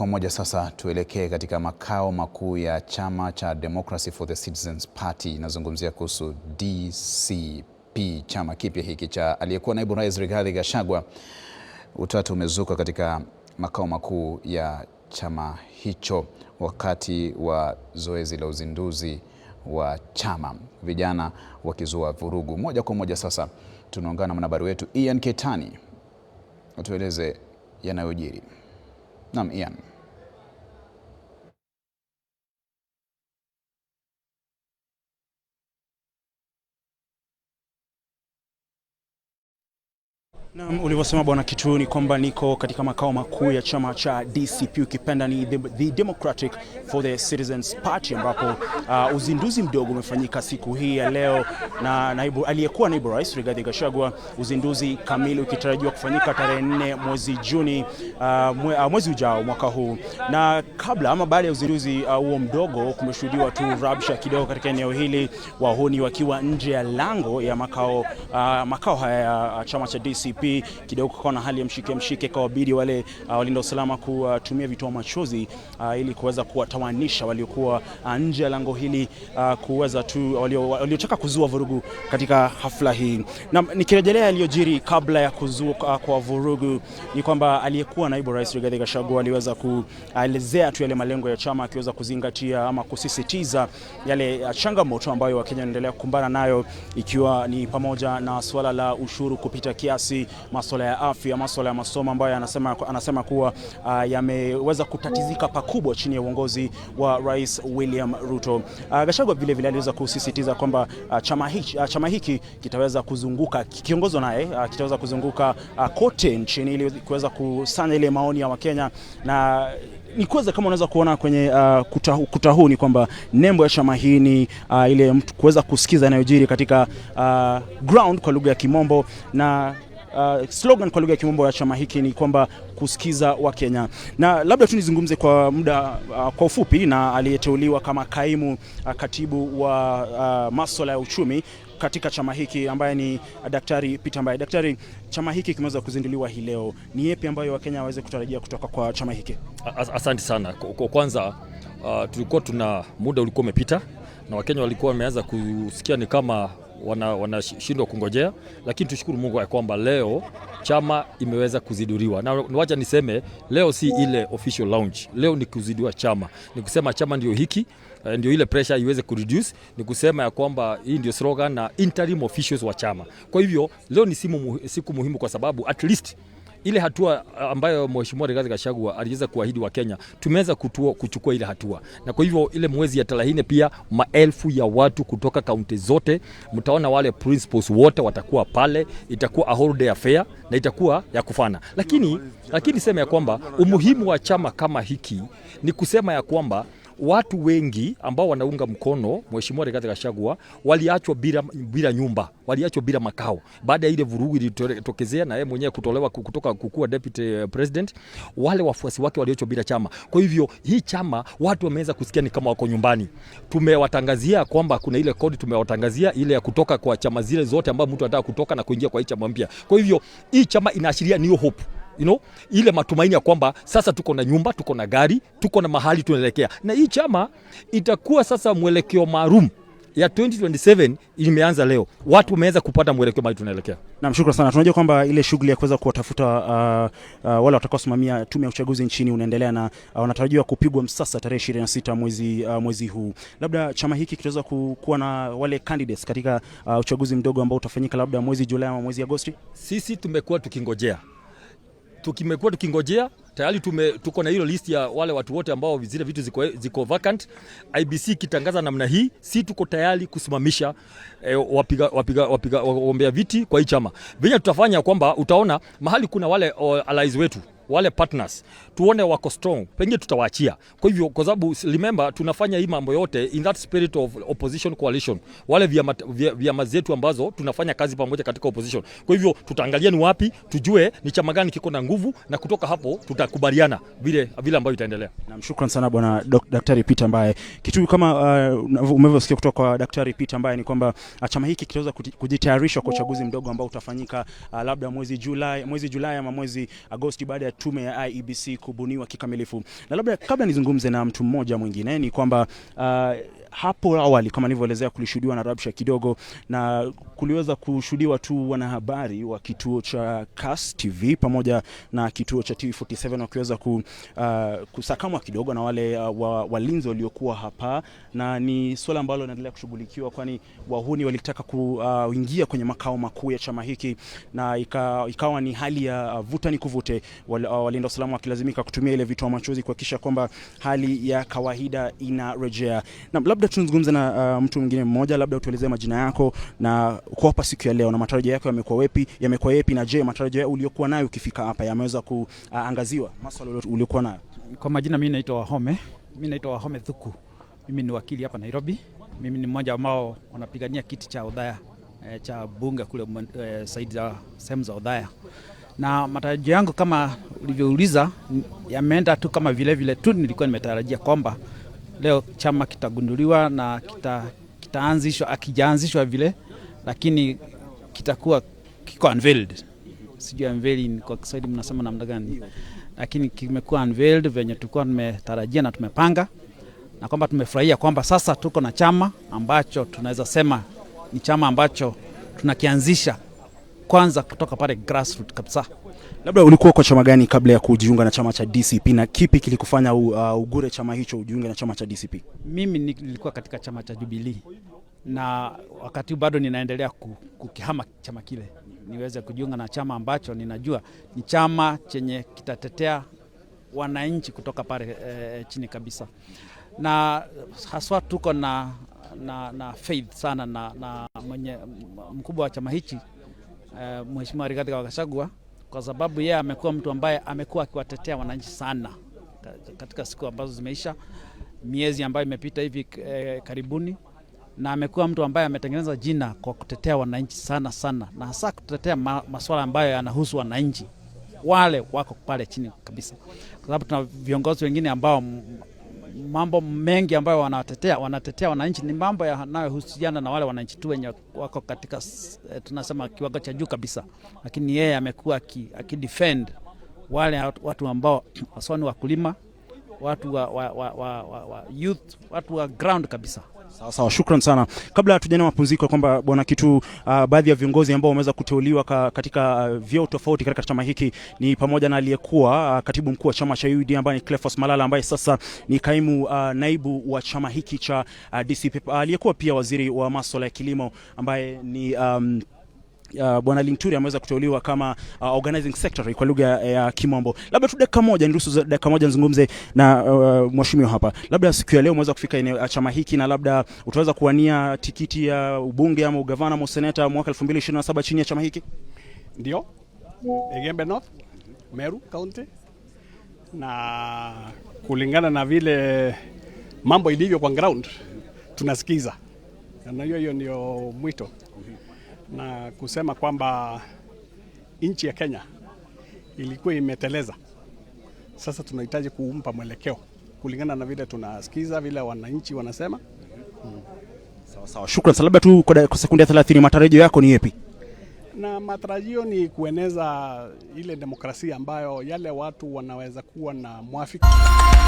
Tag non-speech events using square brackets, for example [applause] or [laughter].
kwa moja sasa tuelekee katika makao makuu ya chama cha Democracy for the Citizens Party. Inazungumzia kuhusu DCP, chama kipya hiki cha aliyekuwa naibu rais Rigathi Gachagua. Utata umezuka katika makao makuu ya chama hicho wakati wa zoezi la uzinduzi wa chama, vijana wakizua vurugu. Moja kwa moja sasa tunaungana na mwanahabari wetu Ian Ketani atueleze yanayojiri. Naam, Ian. Naam, ulivyosema Bwana Kituni kwamba niko katika makao makuu ya chama cha DCP ukipenda ni the, the Democratic for the Citizens Party ambapo uh, uzinduzi mdogo umefanyika siku hii ya leo na naibu, aliyekuwa naibu rais Rigathi Gachagua, uzinduzi kamili ukitarajiwa kufanyika tarehe nne mwezi Juni uh, mwe, uh, mwezi ujao mwaka huu. Na kabla ama baada ya uzinduzi uh, huo uh, mdogo, kumeshuhudiwa tu rabsha kidogo katika eneo hili, wahuni wakiwa nje ya lango ya makao, uh, makao haya ya chama cha DCP fupi kidogo, kukawa na hali ya mshike mshike, ikawabidi wale uh, walinda usalama kutumia vitoa machozi uh, ili kuweza kuwatawanisha waliokuwa uh, nje ya lango hili uh, kuweza tu waliotaka kuzua vurugu katika hafla hii. Na nikirejelea yaliyojiri kabla ya kuzua uh, kwa vurugu ni kwamba aliyekuwa naibu rais Rigathi Gachagua aliweza kuelezea tu yale malengo ya chama akiweza kuzingatia ama kusisitiza yale uh, changamoto ambayo Wakenya wanaendelea kukumbana nayo ikiwa ni pamoja na suala la ushuru kupita kiasi masuala ya afya, masuala ya masomo ambayo anasema, anasema kuwa uh, yameweza kutatizika pakubwa chini ya uongozi wa Rais William Ruto. Uh, Gachagua vile vile aliweza kusisitiza kwamba uh, chama hiki, uh, chama hiki kitaweza kuzunguka kiongozwa naye uh, kitaweza kuzunguka uh, kote nchini ili kuweza kusanya ile maoni ya Wakenya na ni kuweza kama unaweza kuona kwenye uh, kuta, huu ni kwamba nembo ya chama hii ni uh, ile mtu kuweza kusikiza inayojiri katika uh, ground kwa lugha ya Kimombo na uh, slogan kwa lugha ya kimombo ya chama hiki ni kwamba kusikiza Wakenya, na labda tu nizungumze kwa muda uh, kwa ufupi na aliyeteuliwa kama kaimu uh, katibu wa uh, masuala ya uchumi katika chama hiki ambaye ni Daktari Peter Mbaye. Daktari, chama hiki kimeweza kuzinduliwa hii leo, ni yepi ambayo Wakenya waweze kutarajia kutoka kwa chama hiki? Asante sana. Kwanza uh, tulikuwa tuna muda ulikuwa umepita na Wakenya walikuwa wameanza kusikia ni kama wanashindwa wana kungojea, lakini tushukuru Mungu ya kwamba leo chama imeweza kuziduriwa, na wacha niseme leo si ile official launch, leo ni kuzidua chama, ni kusema chama ndio hiki eh, ndio ile pressure iweze kureduce, ni kusema ya kwamba hii ndio slogan na interim officials wa chama. Kwa hivyo leo ni siku muhimu kwa sababu at least ile hatua uh, ambayo Mheshimiwa Rigathi Gachagua aliweza kuahidi wa Kenya, tumeweza kuchukua ile hatua, na kwa hivyo ile mwezi ya 30 pia maelfu ya watu kutoka kaunti zote, mtaona wale principals wote watakuwa pale, itakuwa a day affair na itakuwa ya kufana, lakini lakini sema ya kwamba umuhimu wa chama kama hiki ni kusema ya kwamba watu wengi ambao wanaunga mkono Mheshimiwa Rigathi Gachagua waliachwa bila, bila nyumba, waliachwa bila makao baada ya ile vurugu ilitokezea na yeye mwenyewe kutolewa kutoka kukuwa deputy eh, president. Wale wafuasi wake waliachwa bila chama. Kwa hivyo hii chama watu wameweza kusikia ni kama wako nyumbani. Tumewatangazia kwamba kuna ile kodi, tumewatangazia ile ya kutoka kwa chama zile zote ambazo mtu anataka kutoka na kuingia kwa hii chama mpya. Kwa hivyo hii chama inaashiria new hope you know, ile matumaini ya kwamba sasa tuko na nyumba, tuko na gari, tuko na mahali tunaelekea, na hii chama itakuwa sasa mwelekeo maalum ya 2027 imeanza leo, watu wameanza kupata mwelekeo mahali tunaelekea. Namshukuru sana. Tunajua kwamba ile shughuli ya kuweza kuwatafuta uh, uh, wale watakaosimamia tume ya uchaguzi nchini unaendelea na uh, wanatarajiwa kupigwa msasa tarehe 26 mwezi, uh, mwezi huu. Labda chama hiki kitaweza kuwa na wale candidates katika uh, uchaguzi mdogo ambao utafanyika labda mwezi Julai au mwezi Agosti. Sisi tumekuwa tukingojea tukimekuwa tukingojea tayari tume, tuko na hilo list ya wale watu wote ambao zile vitu ziko, ziko vacant. IBC ikitangaza namna hii, si tuko tayari kusimamisha eh, wapiga, wapiga, wapiga, wagombea viti kwa hii chama. Venye tutafanya kwamba utaona mahali kuna wale oh, allies wetu wale partners tuone wako strong, pengine tutawaachia. Kwa hivyo, kwa sababu remember, tunafanya hii mambo yote in that spirit of opposition coalition, wale vyama vyama zetu ambazo tunafanya kazi pamoja katika opposition. Kwa hivyo, tutaangalia ni wapi, tujue ni chama gani kiko na nguvu, na kutoka hapo tutakubaliana vile vile ambavyo itaendelea. Namshukuru sana bwana Daktari Peter, ambaye kitu kama uh, umevyosikia kutoka kwa Daktari Peter ambaye ni kwamba uh, chama hiki kitaweza kujitayarisha kwa uchaguzi mdogo ambao utafanyika uh, labda mwezi Julai, mwezi Julai ama mwezi Agosti baada ya tume ya IEBC kubuniwa kikamilifu. Na labda kabla nizungumze na mtu mmoja mwingine ni kwamba uh, hapo awali kama nilivyoelezea, kulishuhudiwa na rabsha kidogo, na kuliweza kushuhudiwa tu wanahabari wa kituo cha Cast TV pamoja na kituo cha TV47 wakiweza ku, uh, kusakamwa kidogo na wale uh, walinzi wa waliokuwa hapa, na ni suala ambalo linaendelea kushughulikiwa, kwani wahuni walitaka uh, kuingia uh, kwenye makao makuu ya chama hiki na ikawa, ni hali ya uh, vuta ni kuvute wale, uh, walinda usalama wakilazimika kutumia ile vitoa machozi kuhakikisha kwamba hali ya kawaida inarejea. Na labda tunazungumza na uh, mtu mwingine mmoja, labda utuelezee majina yako na kuapa siku ya leo na matarajio yako yamekuwa wapi, yamekuwa yapi, na je, matarajio uliokuwa nayo ukifika hapa yameweza kuangaziwa masuala uliokuwa nayo? Kwa majina, mimi naitwa Wahome, mimi naitwa Wahome Thuku, mimi ni wakili hapa Nairobi. Mimi ni mmoja ambao wanapigania kiti cha udhaya eh, cha bunge kule, eh, e, saidi za sehemu za udhaya na matarajio yangu kama ulivyouliza yameenda tu kama vilevile vile tu nilikuwa nimetarajia kwamba leo chama kitagunduliwa na kita, kitaanzishwa akijaanzishwa vile, lakini kitakuwa kiko unveiled. Sijui unveiling kwa Kiswahili mnasema namna gani, lakini kimekuwa unveiled venye tulikuwa tumetarajia na tumepanga, na kwamba tumefurahia kwamba sasa tuko na chama ambacho tunaweza sema ni chama ambacho tunakianzisha kwanza kutoka pale grassroots kabisa. Labda ulikuwa kwa chama gani kabla ya kujiunga na chama cha DCP na kipi kilikufanya uh, ugure chama hicho ujiunge na chama cha DCP? Mimi nilikuwa katika chama cha Jubilee na wakati bado ninaendelea kukihama chama kile niweze kujiunga na chama ambacho ninajua ni chama chenye kitatetea wananchi kutoka pale e, chini kabisa, na haswa tuko na, na, na faith sana na, na mwenye mkubwa wa chama hichi uh, Mheshimiwa Rigathi Gachagua kwa sababu yeye amekuwa mtu ambaye amekuwa akiwatetea wananchi sana katika siku ambazo zimeisha, miezi ambayo imepita hivi eh, karibuni, na amekuwa mtu ambaye ametengeneza jina kwa kutetea wananchi sana sana, na hasa kutetea ma, masuala ambayo yanahusu wananchi wale wako pale chini kabisa, kwa sababu tuna viongozi wengine ambao mambo mengi ambayo wanatetea wanatetea wananchi ni mambo yanayohusiana na wale wananchi tu wenye wako katika eh, tunasema kiwango cha juu kabisa, lakini yeye amekuwa akidefend wale watu ambao wasoni [clears throat] wakulima watu wa, wa, wa, wa, wa youth, watu wa ground kabisa. Sawa sawa, shukran sana. Kabla hatujaenda mapumziko, kwamba bwana Kitu, uh, baadhi ya viongozi ambao wameweza kuteuliwa ka, katika uh, vyeo tofauti katika chama hiki ni pamoja na aliyekuwa uh, katibu mkuu wa chama cha UD ambaye ni Cleophas Malala ambaye sasa ni kaimu uh, naibu wa chama hiki cha uh, DCP, aliyekuwa pia waziri wa masuala ya kilimo ambaye ni um, uh, Bwana Linturi ameweza kuteuliwa kama uh, organizing secretary kwa lugha uh, ya uh, Kimombo. Labda tu dakika moja niruhusu dakika moja nizungumze na uh, mheshimiwa hapa. Labda siku ya leo umeweza kufika eneo uh, chama hiki na labda utaweza kuwania tikiti ya ubunge ama ugavana ama seneta mwaka 2027 chini ya chama hiki? Ndio. Egembe North, Meru County na kulingana na vile mambo ilivyo kwa ground tunasikiza, na hiyo hiyo ndio mwito na kusema kwamba nchi ya Kenya ilikuwa imeteleza. Sasa tunahitaji kumpa mwelekeo kulingana na vile tunasikiza vile wananchi wanasema. hmm. Sawa sawa, shukrani. Labda tu kwa sekunde ya 30, matarajio yako ni yapi? Na matarajio ni kueneza ile demokrasia ambayo yale watu wanaweza kuwa na mwafiki